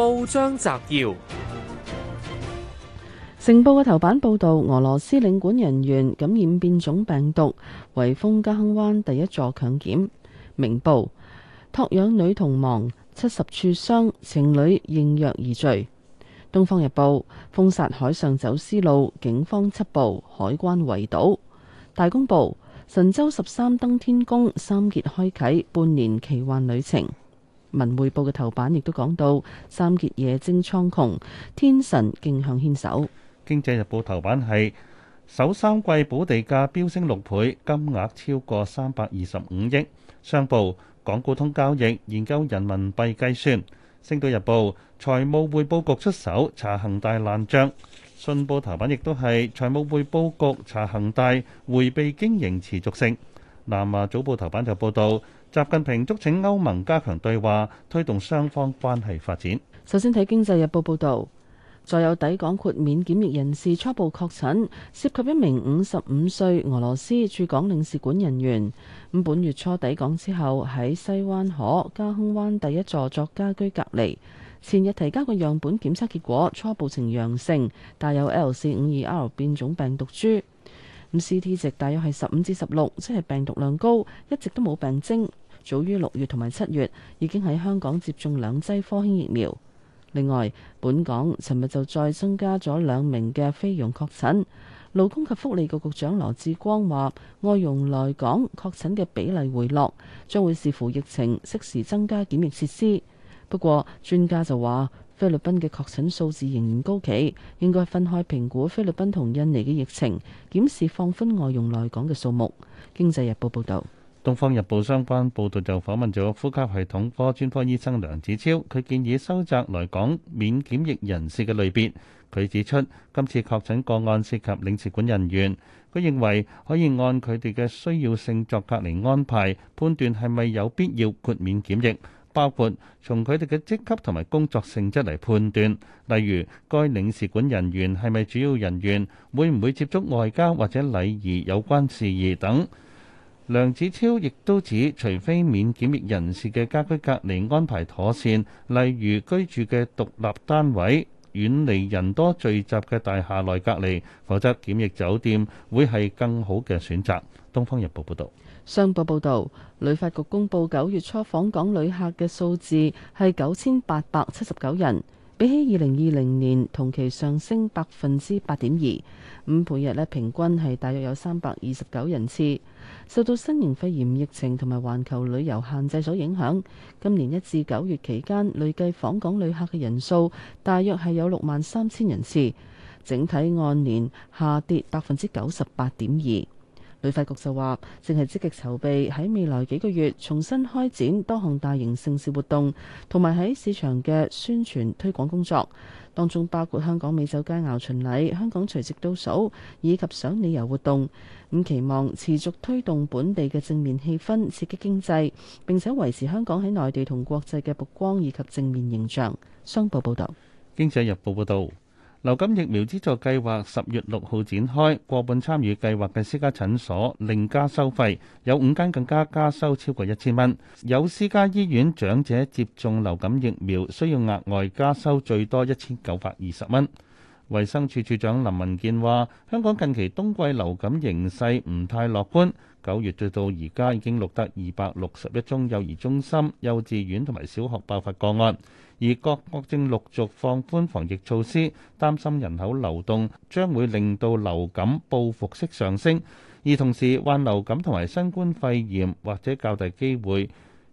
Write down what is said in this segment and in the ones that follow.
報章摘要：成報嘅頭版報道，俄羅斯領館人員感染變種病毒，圍封嘉亨灣第一座強檢。明報托養女童亡，七十處傷，情侶應約而聚。東方日報封殺海上走私路，警方緝捕海關圍堵。大公報神舟十三登天宮，三傑開啟半年奇幻旅程。文匯報嘅頭版亦都講到三傑夜征蒼穹，天神競向牽手。經濟日報頭版係首三季補地價飆升六倍，金額超過三百二十五億。商報港股通交易，研究人民幣計算。星島日報，財務匯報局出手查恒大爛賬。信報頭版亦都係財務匯報局查恒大回避經營持續性。南華早報頭版就報道。習近平促請歐盟加強對話，推動雙方關係發展。首先睇《經濟日報》報道，再有抵港豁免檢疫人士初步確診，涉及一名五十五歲俄羅斯駐港領事館人員。本月初抵港之後，喺西灣河嘉亨灣第一座作家居隔離。前日提交嘅樣本檢測結果初步呈陽性，帶有 L 四五二 R 變種病毒株。咁 CT 值大約係十五至十六，即係病毒量高，一直都冇病徵。早於六月同埋七月已經喺香港接種兩劑科興疫苗。另外，本港尋日就再增加咗兩名嘅菲傭確診。勞工及福利局局長羅志光話：外傭來港確診嘅比例回落，將會視乎疫情，適時增加檢疫設施。不過，專家就話菲律賓嘅確診數字仍然高企，應該分開評估菲律賓同印尼嘅疫情，檢視放寬外傭來港嘅數目。經濟日報報導。《東方日報》相關報導就訪問咗呼吸系統科專科醫生梁子超，佢建議收窄來港免檢疫人士嘅類別。佢指出，今次確診個案涉及領事館人員，佢認為可以按佢哋嘅需要性作隔離安排，判斷係咪有必要豁免檢疫。包括從佢哋嘅職級同埋工作性質嚟判斷，例如該領事館人員係咪主要人員，會唔會接觸外交或者禮儀有關事宜等。梁子超亦都指，除非免檢疫人士嘅家居隔離安排妥善，例如居住嘅獨立單位遠離人多聚集嘅大廈內隔離，否則檢疫酒店會係更好嘅選擇。東方日報報道，商報報道，旅發局公布九月初訪港旅客嘅數字係九千八百七十九人，比起二零二零年同期上升百分之八點二五。每日咧平均係大約有三百二十九人次。受到新型肺炎疫情同埋環球旅遊限制所影響，今年一至九月期間累計訪港旅客嘅人數大約係有六萬三千人次，整體按年下跌百分之九十八點二。旅發局就話，正係積極籌備喺未來幾個月重新開展多項大型盛事活動，同埋喺市場嘅宣傳推廣工作，當中包括香港美酒佳肴巡禮、香港除夕倒數以及賞旅遊活動。咁期望持續推動本地嘅正面氣氛，刺激經濟，並且維持香港喺內地同國際嘅曝光以及正面形象。商報報導，《經濟日報》報道。流感疫苗資助計劃十月六號展開，過半參與計劃嘅私家診所另加收費，有五間更加加收超過一千蚊。有私家醫院長者接種流感疫苗需要額外加收最多一千九百二十蚊。衛生署署長林文健話：香港近期冬季流感形勢唔太樂觀，九月至到而家已經錄得二百六十一宗幼兒中心、幼稚園同埋小學爆發個案。而各國正陸續放寬防疫措施，擔心人口流動將會令到流感報復式上升，而同時患流感同埋新冠肺炎，或者較大機會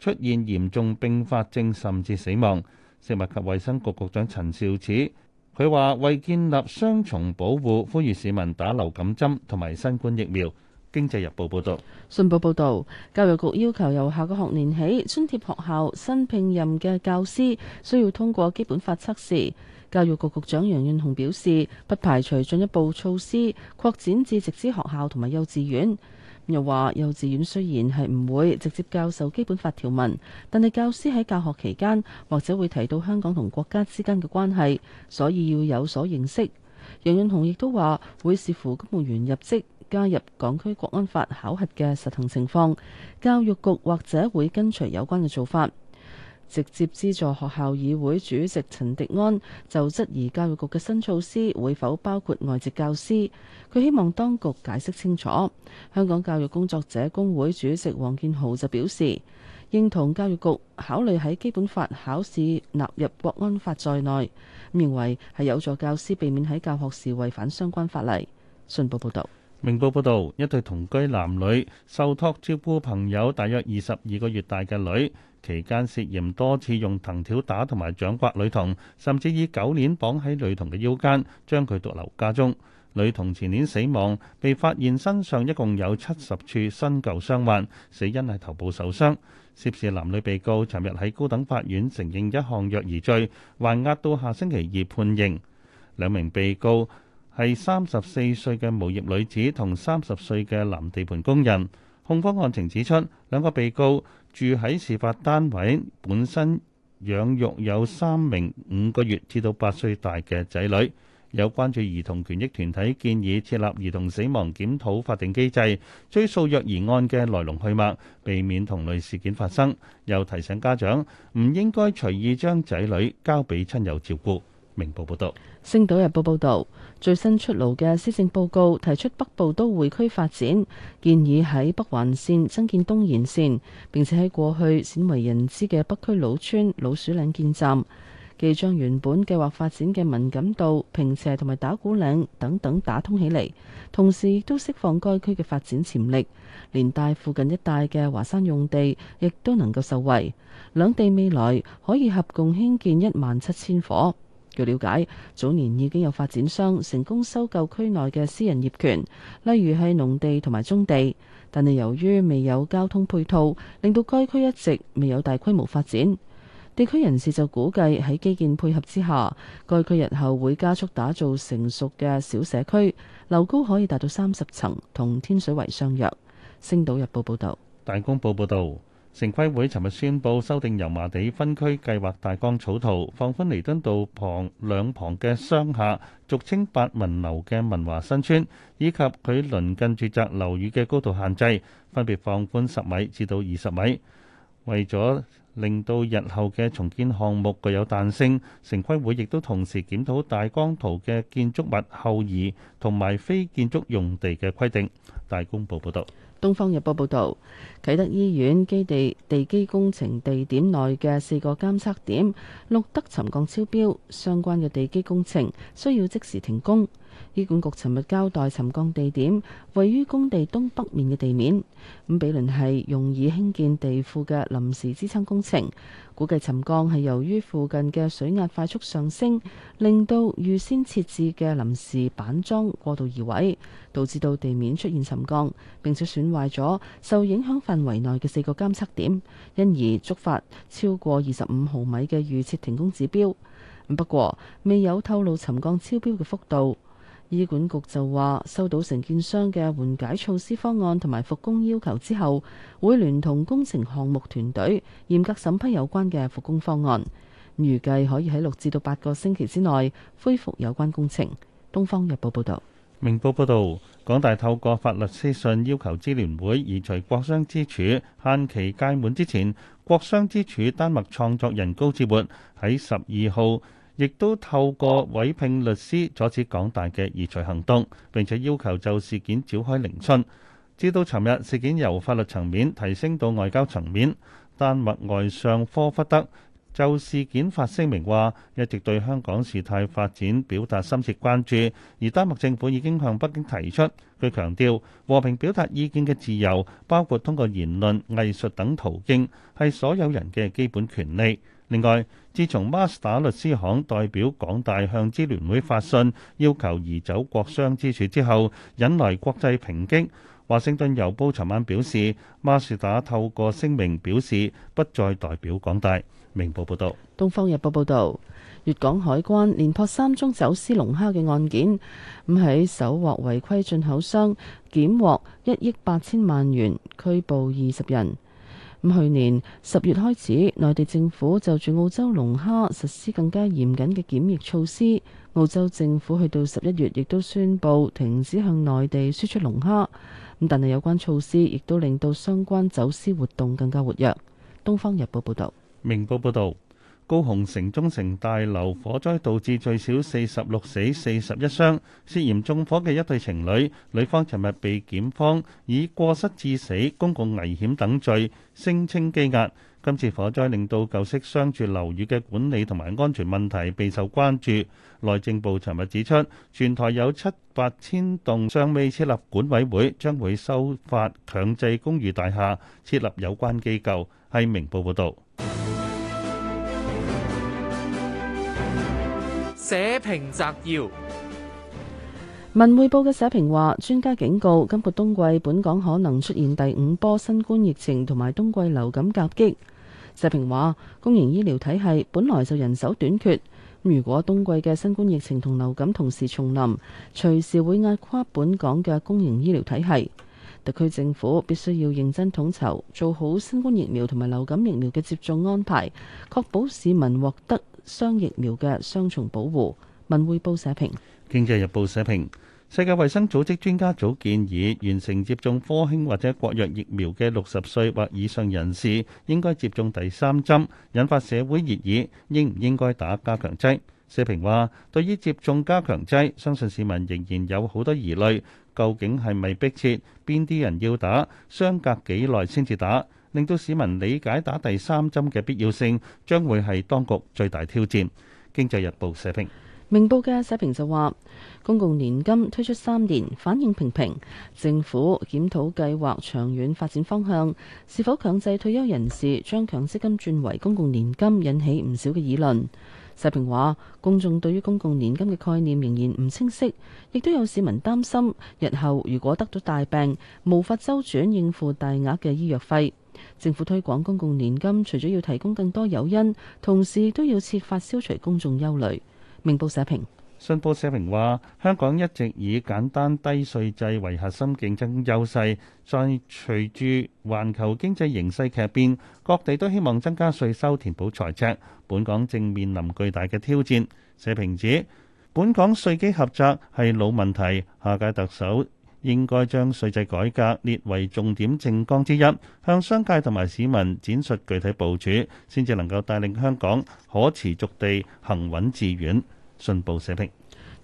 出現嚴重併發症甚至死亡。食物及衛生局局長陳肇始佢話：為建立雙重保護，呼籲市民打流感針同埋新冠疫苗。《經濟日報》報導，信報報導，教育局要求由下個學年起，津貼學校新聘任嘅教師需要通過基本法測試。教育局局長楊潤雄表示，不排除進一步措施擴展至直資學校同埋幼稚園。又話幼稚園雖然係唔會直接教授基本法條文，但係教師喺教學期間或者會提到香港同國家之間嘅關係，所以要有所認識。楊潤雄亦都話會視乎公務員入職。加入港區國安法考核嘅實行情況，教育局或者會跟隨有關嘅做法。直接資助學校議會主席陳迪安就質疑教育局嘅新措施會否包括外籍教師，佢希望當局解釋清楚。香港教育工作者工會主席黃建豪就表示，認同教育局考慮喺基本法考試納入國安法在內，認為係有助教師避免喺教學時違反相關法例。信報報道。明報報導，一對同居男女受託照顧朋友，大約二十二個月大嘅女，期間涉嫌多次用藤條打同埋掌摑女童，甚至以狗鏈綁喺女童嘅腰間，將佢獨留家中。女童前年死亡，被發現身上一共有七十處新舊傷患，死因係頭部受傷。涉事男女被告尋日喺高等法院承認一項虐兒罪，還押到下星期二判刑。兩名被告係三十四歲嘅無業女子同三十歲嘅藍地盤工人。控方案情指出，兩個被告住喺事發單位，本身養育有三名五個月至到八歲大嘅仔女。有關注兒童權益團體建議設立兒童死亡檢討法定機制，追溯虐兒案嘅來龍去脈，避免同類事件發生。又提醒家長唔應該隨意將仔女交俾親友照顧。明報報道，《星島日報》報道最新出爐嘅施政報告提出北部都會區發展建議，喺北環線增建東延線，並且喺過去鮮為人知嘅北區老村老鼠嶺建站，既將原本計劃發展嘅文錦渡、坪輋同埋打鼓嶺等等打通起嚟，同時亦都釋放該區嘅發展潛力，連帶附近一帶嘅華山用地亦都能夠受惠。兩地未來可以合共興建一萬七千伙。據了解，早年已經有發展商成功收購區內嘅私人業權，例如係農地同埋棕地，但係由於未有交通配套，令到該區一直未有大規模發展。地區人士就估計喺基建配合之下，該區日後會加速打造成熟嘅小社區，樓高可以達到三十層，同天水圍相若。星島日報報道。大公報報道。城規會尋日宣布修訂油麻地分區計劃大綱草圖，放寬彌敦道旁兩旁嘅商廈，俗稱八文樓嘅文華新村，以及佢鄰近住宅樓宇嘅高度限制，分別放寬十米至到二十米。為咗令到日後嘅重建項目具有彈性，城規會亦都同時檢討大綱圖嘅建築物後移同埋非建築用地嘅規定。大公報報導。《東方日報》報導，啟德醫院基地地基工程地點內嘅四個監測點錄得沉降超標，相關嘅地基工程需要即時停工。醫管局尋日交代沉降地點位於工地東北面嘅地面，咁毗鄰係用以興建地庫嘅臨時支撐工程。估計沉降係由於附近嘅水壓快速上升，令到預先設置嘅臨時板樁過度移位，導致到地面出現沉降，並且損壞咗受影響範圍內嘅四個監測點，因而觸發超過二十五毫米嘅預設停工指標。不過未有透露沉降超標嘅幅度。醫管局就話，收到承建商嘅緩解措施方案同埋復工要求之後，會聯同工程項目團隊嚴格審批有關嘅復工方案，預計可以喺六至到八個星期之內恢復有關工程。《東方日報》報導，《明報》報導，港大透過法律書信要求支聯會，移除國殤之柱限期屆滿之前，國殤之柱丹麥創作人高志活喺十二號。亦都透過委聘律師阻止港大嘅移除行動，並且要求就事件召開聆訊。至到尋日，事件由法律層面提升到外交層面，丹麥外相科弗德就事件發聲明話，一直對香港事態發展表達深切關注，而丹麥政府已經向北京提出。佢強調，和平表達意見嘅自由，包括通過言論、藝術等途徑，係所有人嘅基本權利。另外，自從孖士打律師行代表港大向支聯會發信要求移走國殤之柱之後，引來國際抨擊。華盛頓郵報尋晚表示，孖士打透過聲明表示不再代表港大。明報報道，東方日報報道，粵港海關連破三宗走私龍蝦嘅案件，咁喺搜獲違規進口商，檢獲一億八千萬元，拘捕二十人。咁去年十月開始，內地政府就住澳洲龍蝦實施更加嚴謹嘅檢疫措施。澳洲政府去到十一月，亦都宣布停止向內地輸出龍蝦。咁但係有關措施，亦都令到相關走私活動更加活躍。《東方日報》報道，《明報》報導。高雄城中城大樓火災導致最少四十六死四十一傷，涉嫌縱火嘅一對情侶，女方尋日被檢方，以過失致死、公共危險等罪，聲稱羈押。今次火災令到舊式商住樓宇嘅管理同埋安全問題備受關注。內政部尋日指出，全台有七八千棟尚未設立管委會將會收發強制公寓大廈，設立有關機構，係明報報道。社評摘要：文匯報嘅社評話，專家警告今個冬季本港可能出現第五波新冠疫情同埋冬季流感夾擊。社評話，公營醫療體系本來就人手短缺，如果冬季嘅新冠疫情同流感同時重臨，隨時會壓垮本港嘅公營醫療體系。特區政府必須要認真統籌，做好新冠疫苗同埋流感疫苗嘅接種安排，確保市民獲得雙疫苗嘅雙重保護。文匯報社評。《經濟日報》社評：世界衛生組織專家組建議，完成接種科興或者國藥疫苗嘅六十歲或以上人士，應該接種第三針，引發社會熱議。應唔應該打加強劑？社評話：對於接種加強劑，相信市民仍然有好多疑慮，究竟係咪迫切？邊啲人要打？相隔幾耐先至打？令到市民理解打第三針嘅必要性，將會係當局最大挑戰。經濟日報社評。明報嘅社評就話，公共年金推出三年反應平平，政府檢討計劃長遠發展方向，是否強制退休人士將強積金轉為公共年金，引起唔少嘅議論。社評話，公眾對於公共年金嘅概念仍然唔清晰，亦都有市民擔心，日後如果得咗大病，無法周轉應付大額嘅醫藥費。政府推廣公共年金，除咗要提供更多誘因，同時都要設法消除公眾憂慮。明報社評。信報社評話：香港一直以簡單低稅制為核心競爭優勢，再隨住環球經濟形勢劇變，各地都希望增加稅收填補財赤，本港正面臨巨大嘅挑戰。社評指，本港稅基狹窄係老問題，下屆特首應該將稅制改革列為重點政綱之一，向商界同埋市民展述具體部署，先至能夠帶領香港可持續地行穩致遠。信報社評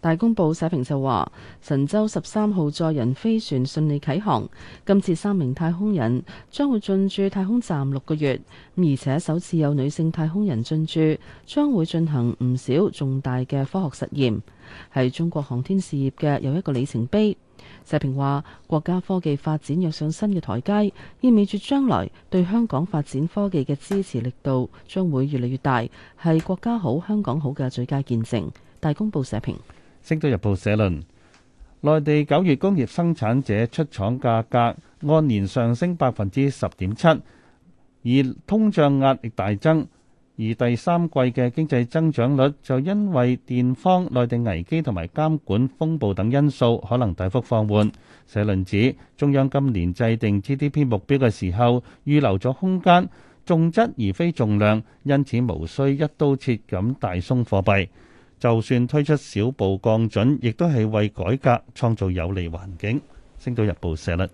大公報社評就話：神舟十三號載人飛船順利啓航，今次三名太空人將會進駐太空站六個月，而且首次有女性太空人進駐，將會進行唔少重大嘅科學實驗，係中國航天事業嘅有一個里程碑。社評話：國家科技發展躍上新嘅台階，意味住將來對香港發展科技嘅支持力度將會越嚟越大，係國家好、香港好嘅最佳見證。大公報社評，星島日報社論：內地九月工業生產者出廠價格按年上升百分之十點七，而通脹壓力大增。而第三季嘅經濟增長率就因為電荒、內地危機同埋監管風暴等因素，可能大幅放緩。社論指中央今年制定 GDP 目標嘅時候，預留咗空間，重質而非重量，因此無需一刀切咁大鬆貨幣，就算推出小步降準亦都係為改革創造有利環境。星島日報社論。